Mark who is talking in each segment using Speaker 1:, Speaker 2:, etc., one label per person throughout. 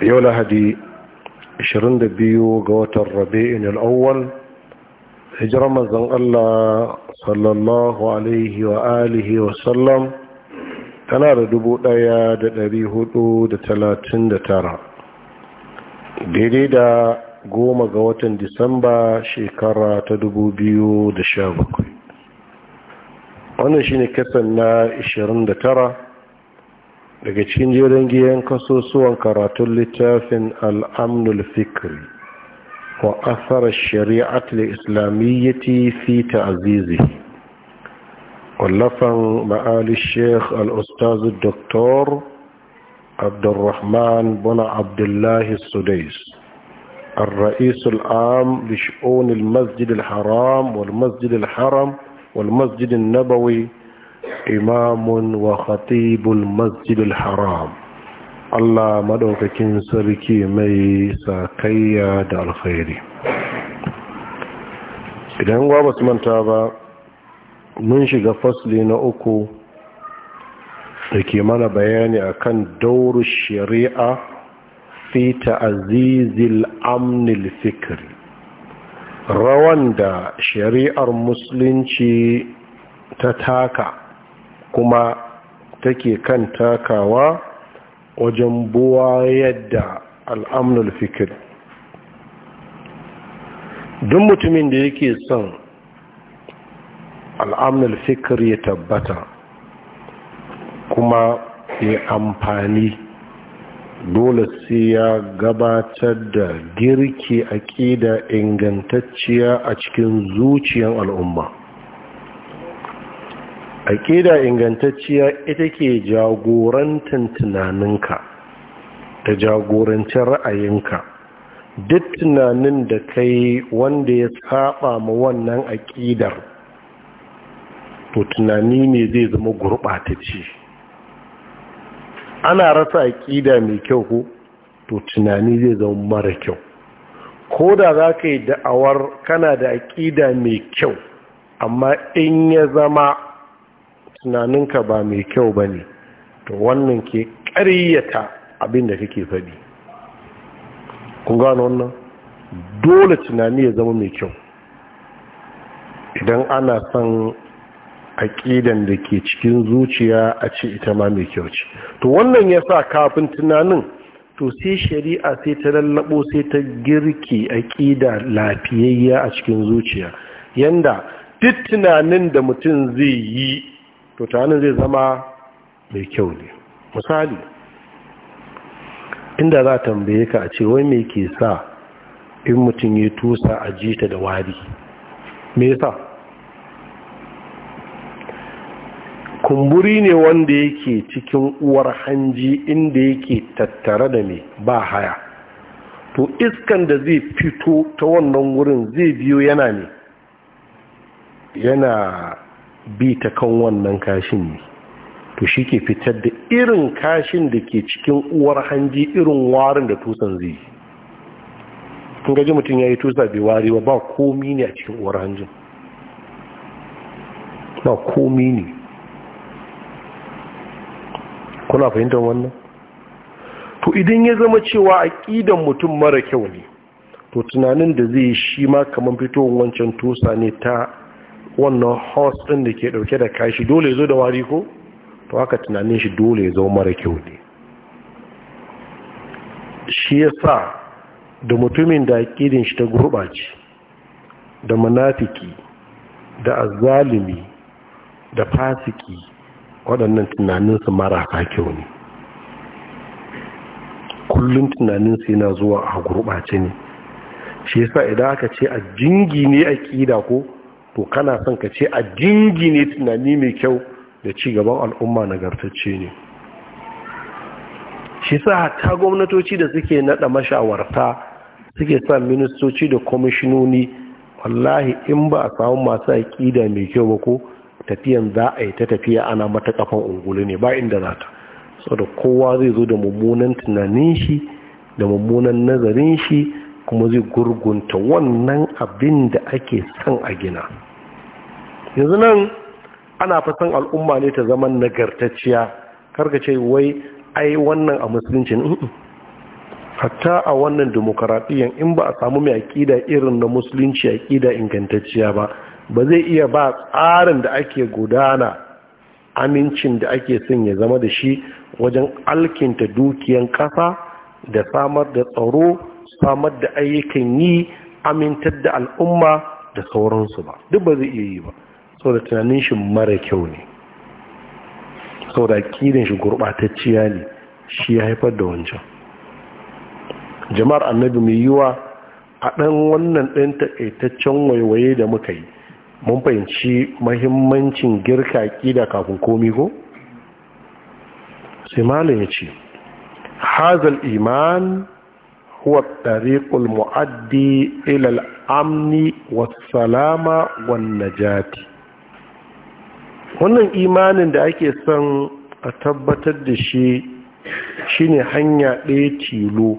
Speaker 1: yau lahadi 22 ga watan rabi'in al'awwal hijirar mazan Allah sallallahu alaihi wa alihi wa sallam tana da dubu ɗaya da ɗari hudu da talatin da tara daidai da goma ga watan disamba shekara ta dubu biyu da sha bakwai wannan shine kasan na 29 daga cikin jerin giyan kasusuwan karatun littafin al'amnul fikri wa asarar shari'at islamiyyati fi ta'azizi wallafan ma'ali sheikh al'ustazu doktor abdurrahman buna abdullahi sudais الرئيس العام لشؤون المسجد الحرام والمسجد الحرم والمسجد النبوي imamun wa khatibul masjidul haram Allah maɗaukakin sarki mai sakayya da alkhairi idan gwa ba su manta ba mun shiga fasli na uku da ke mana bayani akan dauru shari'a fi ta'azizil amnil fikri rawan da shari'ar musulunci ta taka kuma take kan takawa wajen buwa yadda al'amnul fikir duk mutumin da yake son al'amnul fikir ya tabbata kuma ya amfani dole sai ya gabatar da girki aƙida ingantacciya a cikin zuciyar al'umma aƙida ingantacciya ita ke jagorantar tunaninka da jagorancin ra'ayinka duk tunanin da kai wanda ya saba ma wannan aƙidar to tunani ne zai zama ce. ana rasa aƙida mai kyau ko to tunani zai zama mara kyau ko da za ka yi da'awar kana da aƙida mai kyau amma in ya zama tunaninka ba mai kyau ba ne to wannan ke ƙaryata abin da kake faɗi kun gano wannan dole tunani ya zama mai kyau idan ana son aƙidan da ke cikin zuciya a ce ita ma mai kyau ce to wannan ya sa kafin tunanin to sai shari'a sai ta lallabo sai ta girki aƙida lafiyayya a cikin zuciya yanda duk tunanin da mutum zai yi to tunanin zai zama mai kyau ne misali inda za tambaye ka a ce wai me ke sa in mutum ya tusa a jita da wari me sa kumburi ne wanda yake cikin uwar hanji inda yake tattare da mai ba haya to iskan da zai fito ta wannan wurin zai biyo yana ne yana bi ta kan wannan kashin ne to shi ke fitar da irin kashin da ke cikin uwar hanji irin warin da tusan zai kun gaji mutum ya yi tusa bai wari ba ba komi ne a cikin uwar hanjin ba komi ne kuna fahimtar wannan to idan ya zama cewa aƙidan mutum mara kyau ne to tunanin da zai shi ma kamar fitowar wancan tusa ne ta wannan horse ɗin da ke ɗauke da kashi dole zo da wari ko to haka tunanin shi dole ya zama mara kyau ne shi ya sa da mutumin da aƙidin shi ta gurɓace da munafiki da azalimi da fasiki waɗannan tunaninsu marasa kyau ne kullum tunaninsu yana zuwa a gurɓace ne shi yasa idan aka ce a jingi ne aƙida ko to kana son ka ce a jingine tunani mai kyau da ci gaban al'umma nagartacce ne shi sa hatta gwamnatoci da suke nada mashawarta suke sa ministoci da kwamishinoni wallahi in ba a samu masu aƙida mai kyau ba ko tafiyan za a yi ta tafiya ana mata kafan ungulu ne ba inda za ta saboda kowa zai zo da mummunan tunanin shi da mummunan nazarin shi kuma zai gurgunta wannan abin da ake son a gina yanzu nan ana fasan al'umma ne ta zama nagartacciya karka ce wai ai wannan a musulunci hatta a wannan demokaradiyyar in ba a samu mai aƙida irin na musulunci aƙida ingantacciya ba ba zai iya ba tsarin da ake gudana amincin da ake son ya zama da shi wajen alkinta dukiyan ƙasa da samar da tsaro samar da ayyukan yi amintar da al'umma da sauransu ba duk ba zai iya yi ba saboda tunanin shi mara kyau ne saboda da shi gurɓatacciya ne shi ya haifar da wancan jama'ar annabi mai yiwa a ɗan wannan ɗan taƙaitaccen waiwaye da muka yi mun fahimci mahimmancin girka ƙida kafin komi ko? sai malam ya ce hazal iman huwa ɗariƙul mu'addi ilal amni wasu salama wan najati wannan imanin da ake son a tabbatar da shi shine hanya ɗaya tilo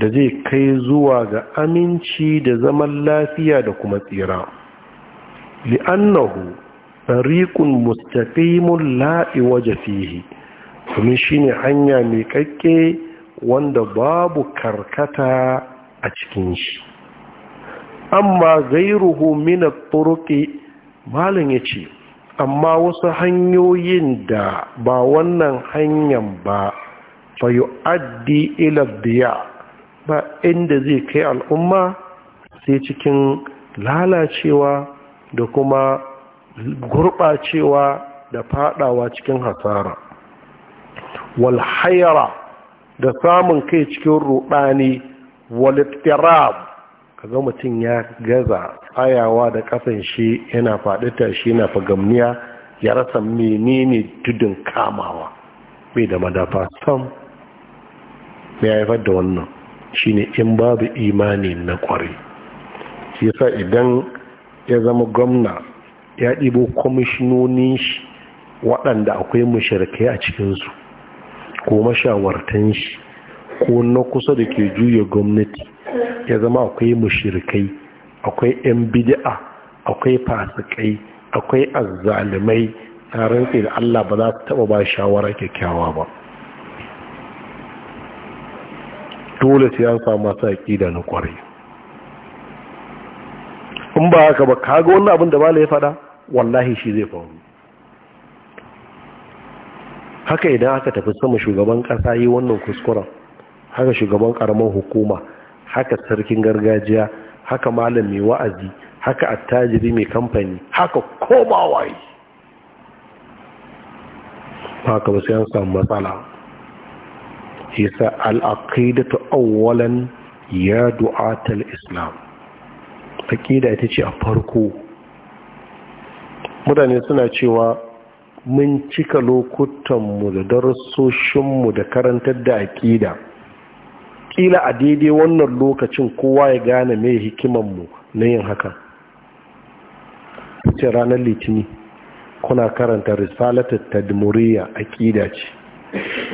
Speaker 1: da zai kai zuwa ga aminci da zaman lafiya da kuma tsira li'annahu tsarikun mustaqimun la'i waje fihi kuma shi ne hanya mai kakke wanda babu karkata a cikin shi amma gairuhu min at malin ya ce. amma wasu hanyoyin da ba wannan hanyar ba yi addi ilabdiya ba inda zai kai al'umma sai cikin lalacewa da kuma gurɓacewa da fadawa cikin hasara walhayara da samun kai cikin ruɗani walittirab ka ga mutum ya gaza tsayawa da kasan shi yana faɗi tashi yana fagamniya ya rasa menene tudun kamawa bai da madafa sam ya haifar da wannan shine in babu imani na kwarai shi yasa idan ya zama gwamna ya ɗibo kwamishinonin shi waɗanda akwai mashirkai a cikinsu ko mashawartan shi ko na kusa da ke juya gwamnati ya zama akwai mushirikai akwai 'yan bidi'a akwai fasikai akwai azzalumai ta rantse da Allah ba za ta taba ba shawara kyakkyawa ba dole sai an samu masu aƙida na ƙwarai in ba haka ba kaga wani abin da ba ya faɗa wallahi shi zai faru haka idan aka tafi sama shugaban ƙasa yi wannan kuskuren haka shugaban ƙaramin hukuma haka sarkin gargajiya haka malam mai wa'azi haka attajiri mai kamfani haka koma waye haka ba sai an samu matsala yasa da awwalan ya du'atul islam aqida ita ce a farko mutane suna cewa mun cika lokutanmu da darassoshinmu da karantar da aƙida kila a daidai wannan lokacin kowa ya gane mai mu na yin haka ce ranar litini kuna karanta risalatar tadmuriya aƙida ce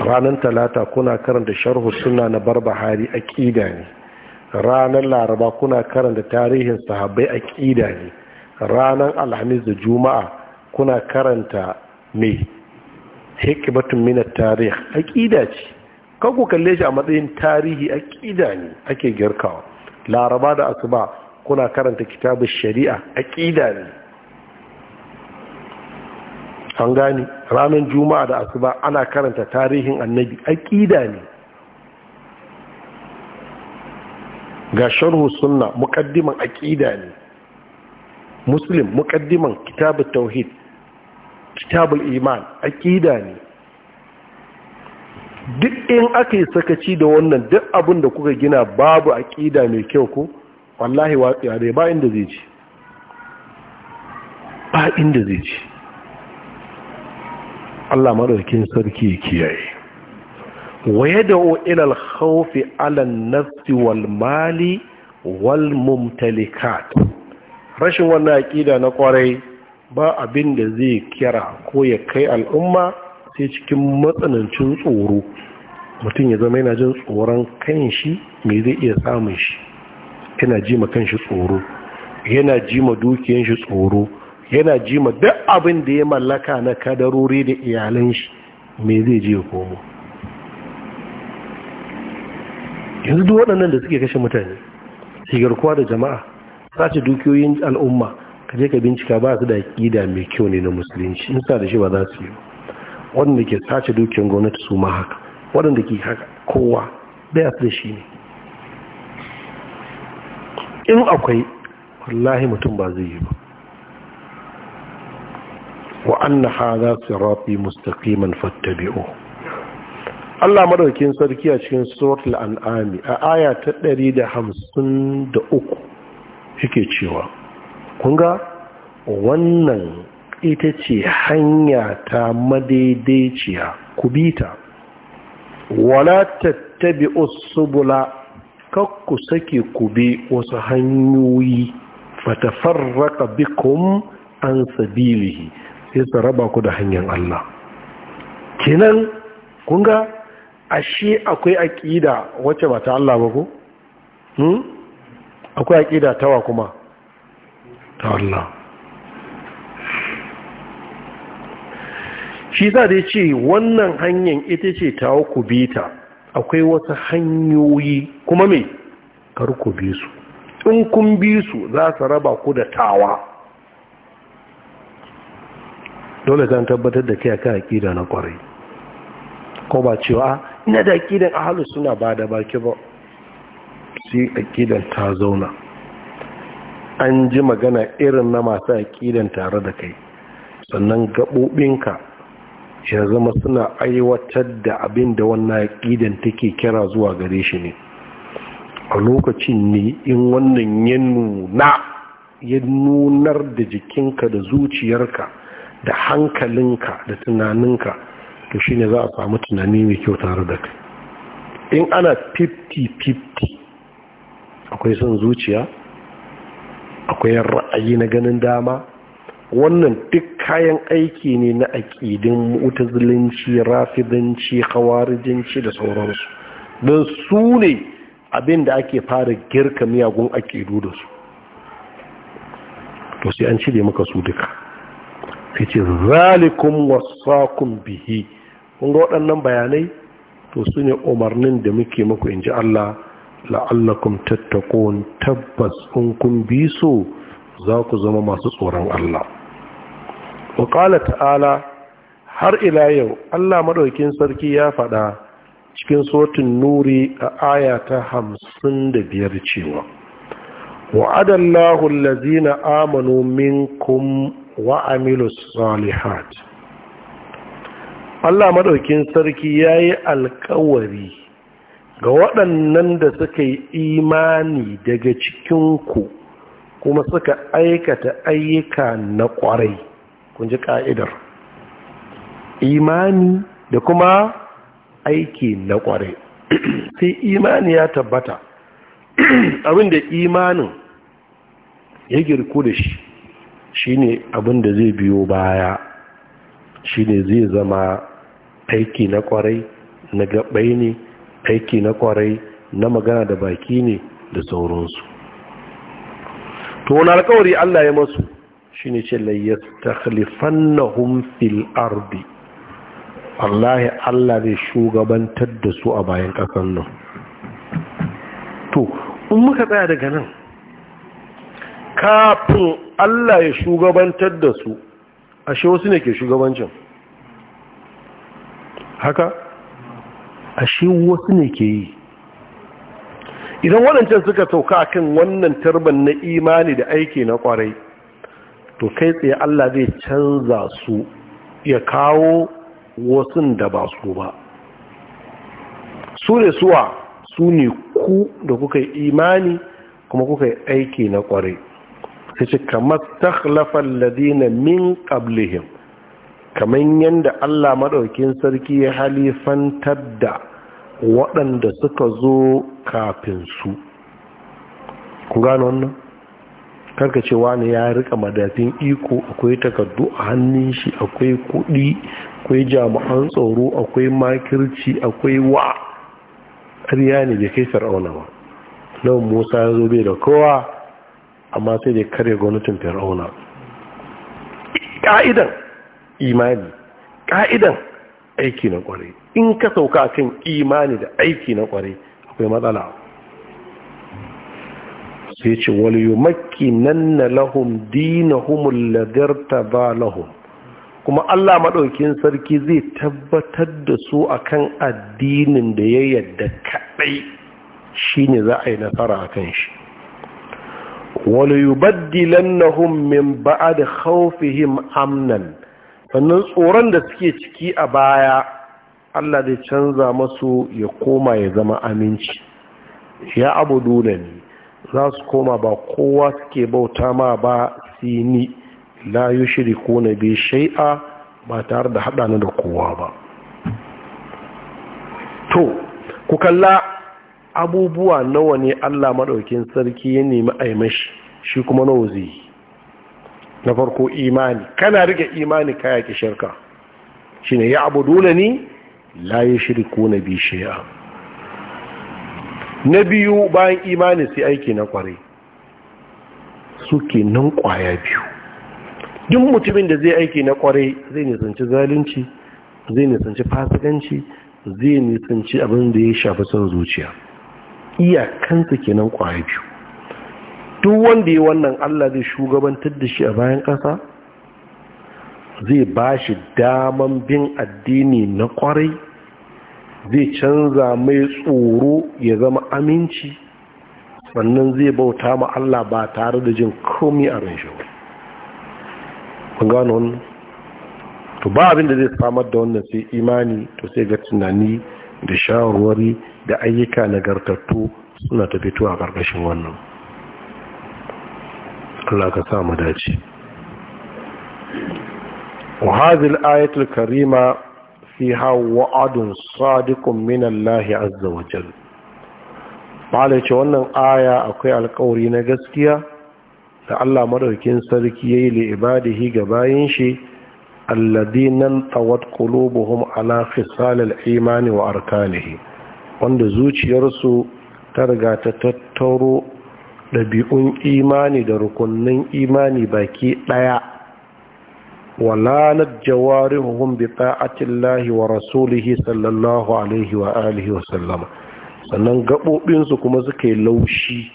Speaker 1: ranar talata kuna karanta sharhu suna na barbahari aƙida ne ranar laraba kuna karanta tarihin sahabbai aƙida ne ranar alhamis da juma'a kuna karanta mai hikimatun minar tarih aƙida ce kan ku kalle shi a matsayin tarihi a ƙida ne ake girkawa laraba da asuba kuna karanta kitabun shari'a a ƙida ne an gani ranar juma'a da asuba ana karanta tarihin annabi a ƙida ne ga sharhu sunna a ƙida ne muslim muƙaddiman kitabun tauhid kitabul iman aƙida ne duk in aka yi sakaci da wannan duk abin da kuka gina babu aƙida mai kyau ko wallahi waƙiya dai ba inda zai ci ba inda zai ci Allah maɗaukin sarki kiyaye waye da ilal haufi alan nafsi wal mali wal mumtalikat rashin wannan aƙida na kwarai ba abin da zai kira ko ya kai al'umma sai cikin matsanancin tsoro mutum ya zama yana jin tsoron kan shi mai zai iya samun shi yana ji ma kan shi tsoro yana ji ma dukiyan shi tsoro yana ji ma duk abin da ya mallaka na kadarori da iyalan shi mai zai ji ya komo yanzu duk waɗannan da suke kashe mutane shigarkuwa da jama'a sace dukiyoyin al'umma kaje ka bincika ba su da ƙida mai kyau ne na musulunci in sa da shi ba za su yi ba waɗanda ke sace dukiyar gwamnati su ma haka waɗanda ke haka kowa su da shi ne in akwai wallahi mutum ba zai yi ba wa haza su sirati mustaqiman fattabi'u Allah maɗaukin sarki a cikin suratul al'ami a aya ta ɗari da da hamsin 153 yake cewa kun ga wannan ita ce hanya ta madaidaiciya ku bi ta wala tattabi usubula kakku sake ku bi wasu hanyoyi fatafarraka bikum an sabilihi sai su raba ku da hanyar Allah kenan kunga ga ashe akwai aƙida wacce ba ta Allah ba ko? Hmm? akwai aƙida tawa kuma ta Allah shi za da ce wannan hanyar ita ce ta ku bi ta akwai wasu hanyoyi kuma mai kar ku bi su in kun bi su za su raba ku da tawa dole zan tabbatar da kai kan aƙida na kwarai ko ba cewa ah, ina da aƙidan ahalu suna ba da baki ba sai aƙidan ta zauna an ji magana irin na masu aƙidan tare da kai sannan gaɓoɓinka ya zama suna aiwatar da abin da wannan aƙidan take kira zuwa gare shi ne a lokacin ne in wannan ya nuna ya nunar da jikinka da zuciyarka da hankalinka da tunaninka to shine za a samu tunani mai kyau tare da kai in ana 50-50 akwai son zuciya akwai ra'ayi na ganin dama wannan duk kayan aiki ne na aƙidin mutazilinci rafidanci hawarijinci da sauransu don su ne abin da ake fara girka miyagun aƙidu da su to sai an cire maka su duka sai ce zalikun wasakun bihi kun ga waɗannan bayanai to su ne umarnin da muke maku in ji Allah la'allakum tattakon tabbas in kun bi so za ku zama masu tsoron Allah wa ta'ala har ila yau Allah maɗaukin sarki ya faɗa cikin sotin nuri a aya ta hamsin da biyar cewa wa'adallahu na amanu minkum wa amilu salihat Allah maɗaukin sarki ya yi alkawari ga waɗannan da suka yi imani daga cikinku kuma suka aikata ayyuka na ƙwarai kun ji ƙa'idar imani da kuma aiki na kware sai imani ya tabbata abin da imanin ya girku da shi shine abin da zai biyo baya shine zai zama aiki na kwarai na gaɓai ne aiki na kwarai na magana da baki ne da sauransu to wani alkawari Allah ya masu shi ne ce na humfil ardi wallahi Allah zai shugabantar da su a bayan ƙasar nan to in muka tsaya daga nan kafin Allah ya shugabantar da su ashe wasu ne ke shugabancin haka ashe wasu ne ke yi idan waɗancan suka sauka kan wannan tarban na imani da aiki na ƙwarai to kai tsaye Allah zai canza su ya kawo wasun da ba su ba su ne suwa su ne ku da kuka yi imani kuma kuka yi aiki na kwarai sai ce kamar takhlafan ladina min qablihim kamar yadda Allah maɗaukin sarki ya halifantar da waɗanda suka zo kafin su ku gano wannan karka ce wani ya rika madafin iko akwai takardu a hannun shi akwai kudi akwai jami'an tsoro akwai makirci akwai wa ƙarya ne da kai fir'auna ba nan musa ya zo bai da kowa amma sai da karya gwamnatin fir'auna ka'idan imani ƙa'idan aiki na kwarai in ka sauka kan imani da aiki na kwarai akwai matsala sai ce na yumakkinanna lahum dinahum ta ba lahum kuma Allah maɗaukin sarki zai tabbatar da su a kan addinin da ya yadda kaɗai shi ne za a yi nasara a kan shi wani yubaddilan na hummin ba'a da haufihim amnan sannan tsoron da suke ciki a baya Allah zai canza masu ya koma ya zama aminci ya abu ne. za su koma ba kowa suke bauta ma ba ni, la ko na bi shai'a ba tare da hada da kowa ba to ku kalla abubuwa nawa ne Allah maɗaukin sarki ya nemi aimashi shi kuma nawa zai na farko imani kana rike imani kayaki shirka shi ne ya abu dole ni la ko na bi shai'a na biyu bayan imani sai aiki na kwarai suke nan kwaya biyu duk mutumin da zai aiki na kwarai zai nisanci zalunci zai nisanci fasikanci zai nisanci abin da ya shafi son zuciya iyakansa nan kwaya biyu duk wanda ya wannan Allah zai shugabantar da shi a bayan ƙasa zai ba shi daman bin addini na kwarai zai canza mai tsoro ya zama aminci sannan zai bauta ma Allah ba tare da jin komi a ran shi kun gano wannan to ba abin da zai samar da wannan sai imani to sai ga tunani da shawarwari da ayyuka nagartattu suna ta fito a ƙarƙashin wannan Allah ka sa mu dace wa hadhihi ayatul karima fiha Hauwa sadiqun sadiƙun Allah azza wa jal ce wannan aya akwai alkawari na gaskiya da Allah madaukin sarki yayi li ibadihi ga bayin shi alladina tawat qulubuhum ala khisal al-iman wa arkanihi wanda zuciyarsu ta riga ta tattaro ɗabi'un imani da rukunin imani baki ɗaya ولانت جوارحهم بطاعة الله ورسوله صلى الله عليه وآله وسلم sannan gaɓoɓinsu kuma suka yi laushi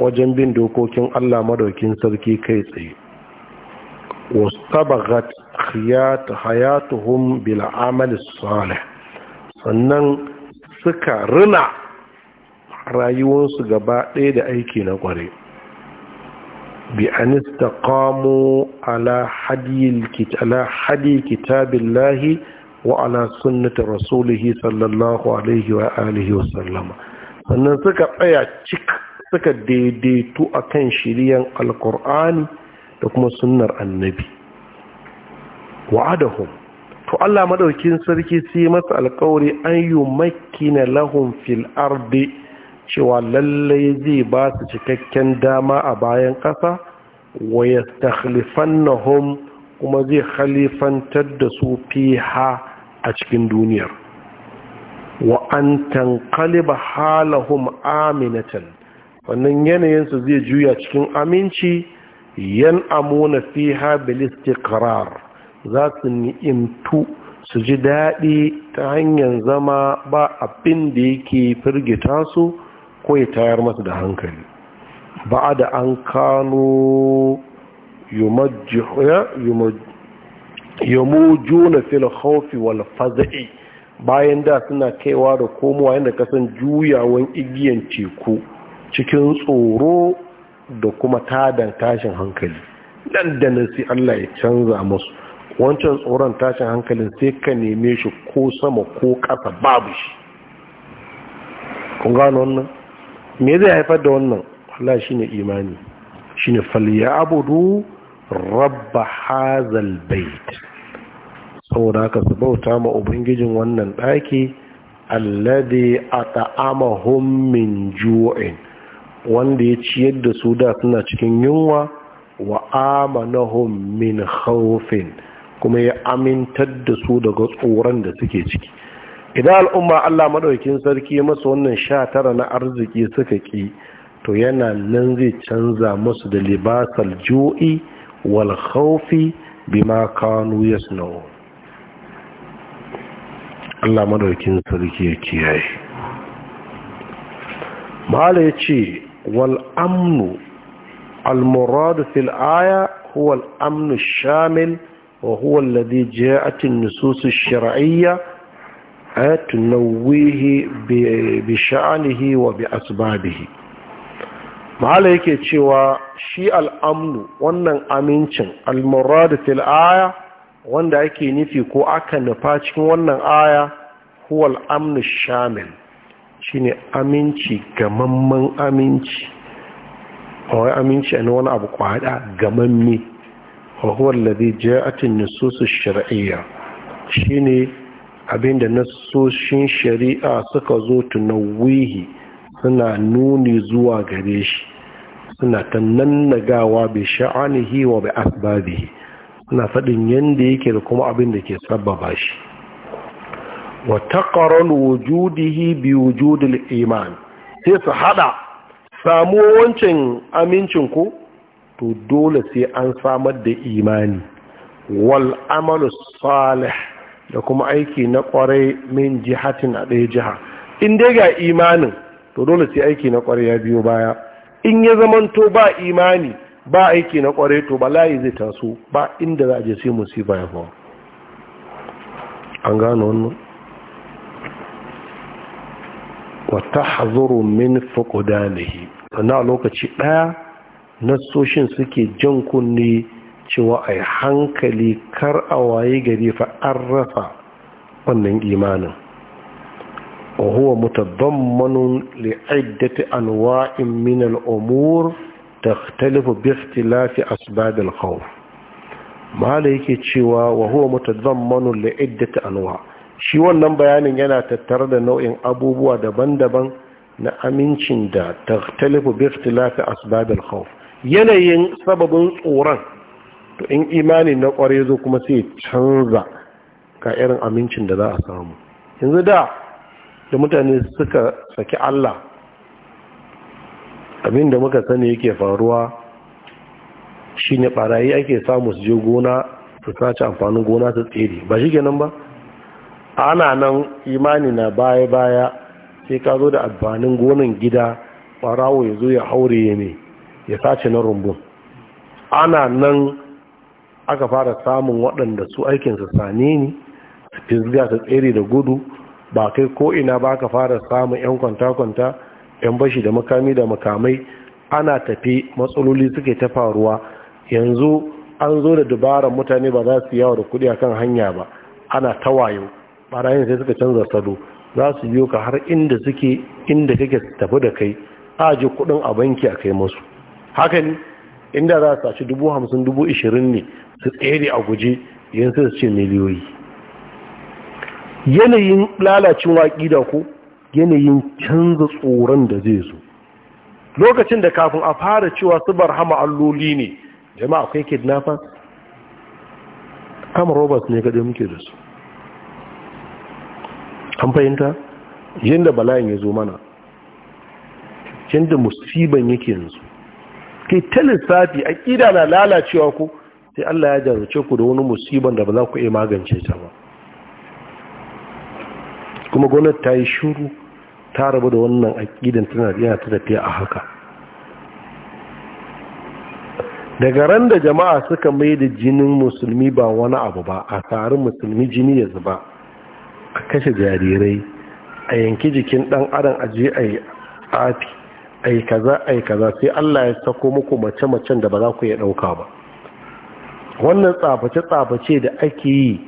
Speaker 1: wajen bin dokokin Allah madaukin sarki kai tsaye wastabagat hayatuhum bil amali salih sannan suka rina rayuwarsu gaba ɗaya da aiki na ƙware بأن استقاموا على حدي على حدي كتاب الله وعلى سنة رسوله صلى الله عليه وآله وسلم sannan suka tsaya cik suka daidaitu a kan shiriyan alkur'ani da kuma sunnar annabi wa'adahum to Allah madaukin sarki sai masa alkawari an yi makina lahum fil ardi cewa lallai zai ba su cikakken dama a bayan ƙasa wa hom kuma zai khalifantar da su fi ha a cikin duniyar wa an hala halahum aminatan wannan yanayinsu zai juya cikin aminci yan amuna ha bil istiqrar za su ni'imtu su ji daɗi ta hanyar zama ba abin da yake firgita su ko ya tayar masa da hankali ba da an kano yamuju na filhaufi wal faza'i bayan da suna kaiwa da komowa yadda kasan juyawan igiyan teku cikin tsoro da kuma tadan tashin hankali dan da nasi Allah ya canza masu, wancan tsoron tashin hankalin sai ka neme shi ko sama ko ƙasa babu shi kun gano wannan me zai haifar da wannan Allah shine imani shine falyabudu rabb hazal bait saboda haka su bauta ma ubangijin wannan daki alladhi at'amahum min ju'in wanda ya ciyar da su da suna cikin yunwa wa amanahum min khawfin kuma ya amintar da su daga tsoron da suke ciki idan al'umma Allah Maɗaukin sarki masu wannan sha tara na arziki suka ƙi to yana nan zai canza musu da libasar ju'i wal khawfi bima kanu yasna'u Allah Maɗaukin sarki ya kiyaye ya yace wal amnu al muradu fil aya huwal amnu shamil wa huwal alladhi ja'at an nusus ash-shar'iyyah tunawwihi bi sha'anihi wa bi asbabihi ma'ala yake cewa shi al'amnu wannan amincin al-murad fil aya wanda ake nufi ko aka nufa cikin wannan aya huwa al-amnu shamil shine aminci gamamman aminci wai aminci ne wani abu kwada gamamme wa huwa alladhi ja'at an-nusus ash-shar'iyyah shine abinda nasoshin shari'a suka zo tunawihi suna nuni zuwa gare shi suna ta nannagawa bai sha'anihi wa bai asbabihi suna faɗin yadda yake da kuma abin da ke sabbaba shi wa taqarrul wujudihi bi wujudul iman sai su haɗa samu wancan amincin ku to dole sai an samar da imani wal amalu salih da kuma aiki na kwarai min jihatin a ɗaya jiha in dai ga imanin to dole sai aiki na kwarai ya biyo baya in ya zamanto ba imani ba aiki na kwarai to layi zai taso ba inda za a je sai musiba ya faru an gano wannan wata hazuru min fuqdanihi sannan a lokaci ɗaya nasoshin suke jan kunne cewa a hankali kar a waye gari fa an wannan imanin wa huwa mutadammanun li iddati anwa'in min al-umur تختلف باختلاف أسباب الخوف ما yake cewa wa huwa mutadammanun li iddati anwa shi wannan bayanin yana tattare da nau'in abubuwa daban-daban na amincin da takhtalifu bi ikhtilafi asbab al-khawf yanayin sababin tsoron to in imani na kware zo kuma sai canza ka irin amincin da za a samu yanzu da da mutane suka saki Allah abin da muka sani yake faruwa shine barayi ake samu su je gona su sace amfanin gona su tsere ba shi kenan ba ana nan imani na baya-baya sai ka zo da amfanin gonan gida barawo ya zo ya haure ne ya sace na rumbun ana nan aka fara samun waɗanda su su sane ne su fizga su tsere da gudu ba kai ko'ina ba aka fara samun 'yan kwanta-kwanta 'yan bashi da makami da makamai ana tafi matsaloli suke ta faruwa yanzu an zo da dubaran mutane ba za su yawo da kudi akan hanya ba ana tawayo barayin sai suka canza salo za su biyo ka har inda suke inda kake tafi da kai a ji kudin a banki a kai musu haka ne inda za a saci dubu hamsin dubu ishirin ne su tsere a guje yanzu su ce miliyoyi yanayin lalacin waƙi da ku yanayin canza tsoron da zai zo lokacin da kafin a fara cewa su hama alloli ne jama'a akwai kidnappers kama robert ne kaɗai muke da su an fahimta yadda bala'in ya zo mana yadda musiban yake yanzu kai ta lissafi ƙida na lalacewa ku sai Allah ya jarrace ku da wani musiban da ba za ku iya magance ta ba kuma gwamnati ta yi shuru ta rabu da wannan aƙidan tana yana ta tafiya a haka daga ran da jama'a suka mai da jinin musulmi ba wani abu ba a tsarin musulmi jini ya zuba a kashe jarirai a yanki jikin ɗan adam a je a yi tsafi ai kaza ai kaza sai Allah ya sako muku mace-macen da ba za ku iya ɗauka ba wannan tsaface-tsaface da ake yi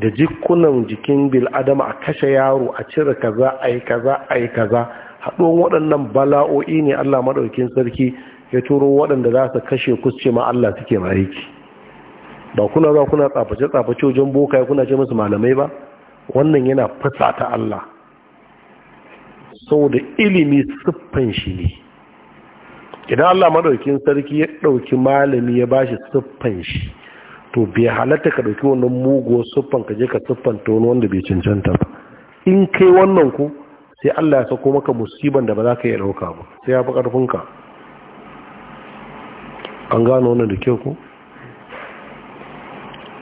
Speaker 1: da jikunan jikin bil'adama a kashe yaro a cire kaza ai kaza ai kaza haɗuwan waɗannan bala'o'i ne Allah maɗaukin sarki ya turo waɗanda za su kashe ce ma Allah suke mariki aiki ba kuna za kuna tsaface-tsaface wajen boka ya kuna ce musu malamai ba wannan yana fasa ta Allah saboda ilimi siffan shi ne idan Allah madaukin sarki ya dauki malami ya bashi siffan shi to bai halatta ka dauki wannan mugo siffan ka je ka siffan ta wani wanda bai cancanta ba in kai wannan ku sai Allah ya sako maka musiban da ba za ka iya dauka ba sai ya fi karfin ka an gano wannan da kyau ku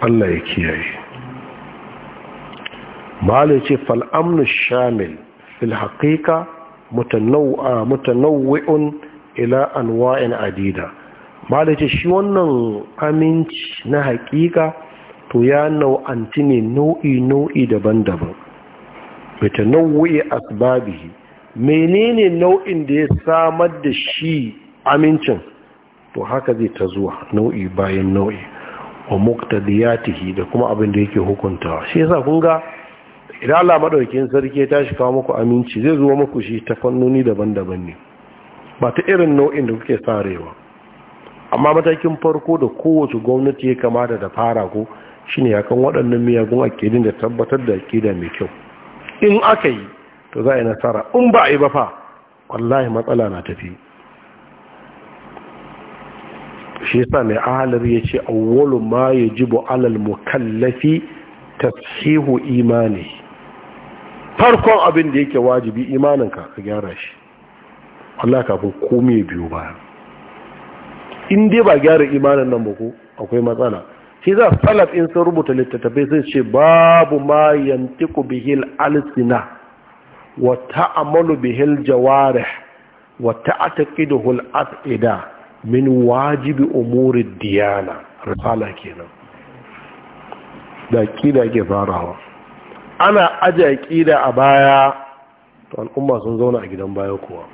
Speaker 1: Allah ya kiyaye malai ce fal'amnu shamil fil haqiqa mutanawwi'un ila anwa'in adida malace shi wannan aminci na haƙiƙa to ya nau'anti ne nau'i nau'i daban-daban mutanawwi'i asbabihi menene nau'in da ya samar da shi amincin to haka zai ta zuwa nau'i bayan nau'i wa muqtadiyatihi da kuma abin da yake hukuntawa shi yasa kun ga idan Allah madaukakin sarki ya tashi kawo muku aminci zai zo muku shi ta fannoni daban-daban ne ba ta irin nau'in da kuke sarewa amma matakin farko da kowace gwamnati ya kamata da fara ko shine yakan waɗannan miyagun akidin da tabbatar da akida mai kyau in aka yi to za a yi nasara in ba a yi ba fa wallahi matsala na tafi shi yasa mai ahalar ya ce awwalu ma yajibu alal mukallafi tashihu imani farkon abin da yake wajibi imaninka ka gyara shi Allah kafin komai biyu baya in dai ba gyara imanin nan ba ko akwai matsala shi za salaf in sun rubuta littattafai sai ce babu ma yantiku bihil alsina wa ta'amalu bihil jawarih wa ta'taqiduhu al-afida min wajibi umuri diyana risala kenan da kida ke farawa ana aje aƙida a baya to al'umma sun zauna a gidan baya kuwa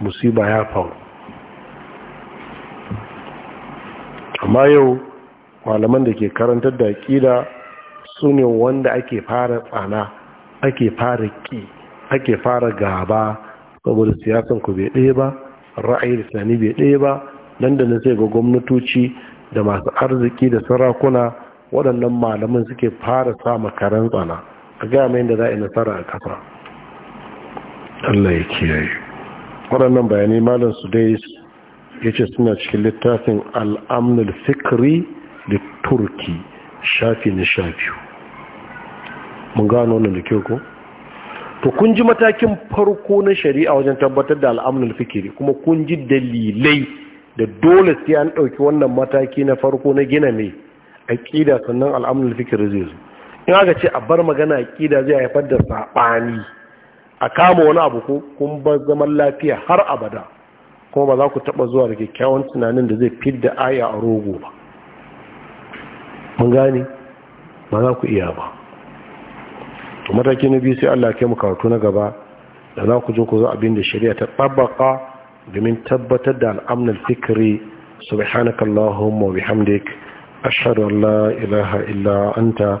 Speaker 1: musiba ya faru amma yau malaman da ke karantar da aƙida su ne wanda ake fara tsana ake fara ƙi ake fara gaba saboda siyasan ku bai ɗaya ba ra'ayi da sani bai ɗaya ba nan da nan sai ga gwamnatoci da masu arziki da sarakuna waɗannan malaman suke fara sa makaran tsana a gaya mai da za a nasara a kafa Allah ya kiyaye waɗannan bayani malam su dai ya suna cikin littafin al'amnul fikri da turki shafi na shafi mun gano wannan da kyau ko? to kun ji matakin farko na shari'a wajen tabbatar da al'amnul fikiri kuma kun ji dalilai da dole sai an ɗauki wannan mataki na farko na gina mai aƙida sannan al'amnul fikiri zai zo in aka ce a bar magana kida zai haifar da saɓani a kama wani abu ko kun ba zaman lafiya har abada kuma ba za ku taɓa zuwa da kyakkyawan tunanin da zai fidda da aya a rogo ba mun gane ba za ku iya ba to mataki na biyu sai Allah ke mu karatu na gaba da za ku je ku zo abin da shari'a ta tabbaka domin tabbatar da al'amnal fikri subhanakallahumma wa bihamdik ashhadu an la ilaha illa anta